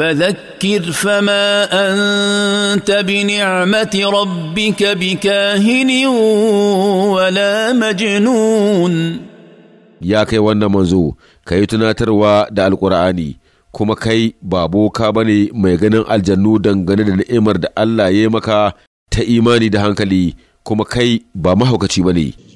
فذكر فما انت بنعمه ربك بكاهن ولا مجنون ya kai wannan manzo ka yi tunatarwa da alkur'ani kuma kai ba boka ba ne mai ganin aljannu dangane da ni'imar da Allah ya maka ta imani da hankali kuma kai ba mahaukaci ba ne.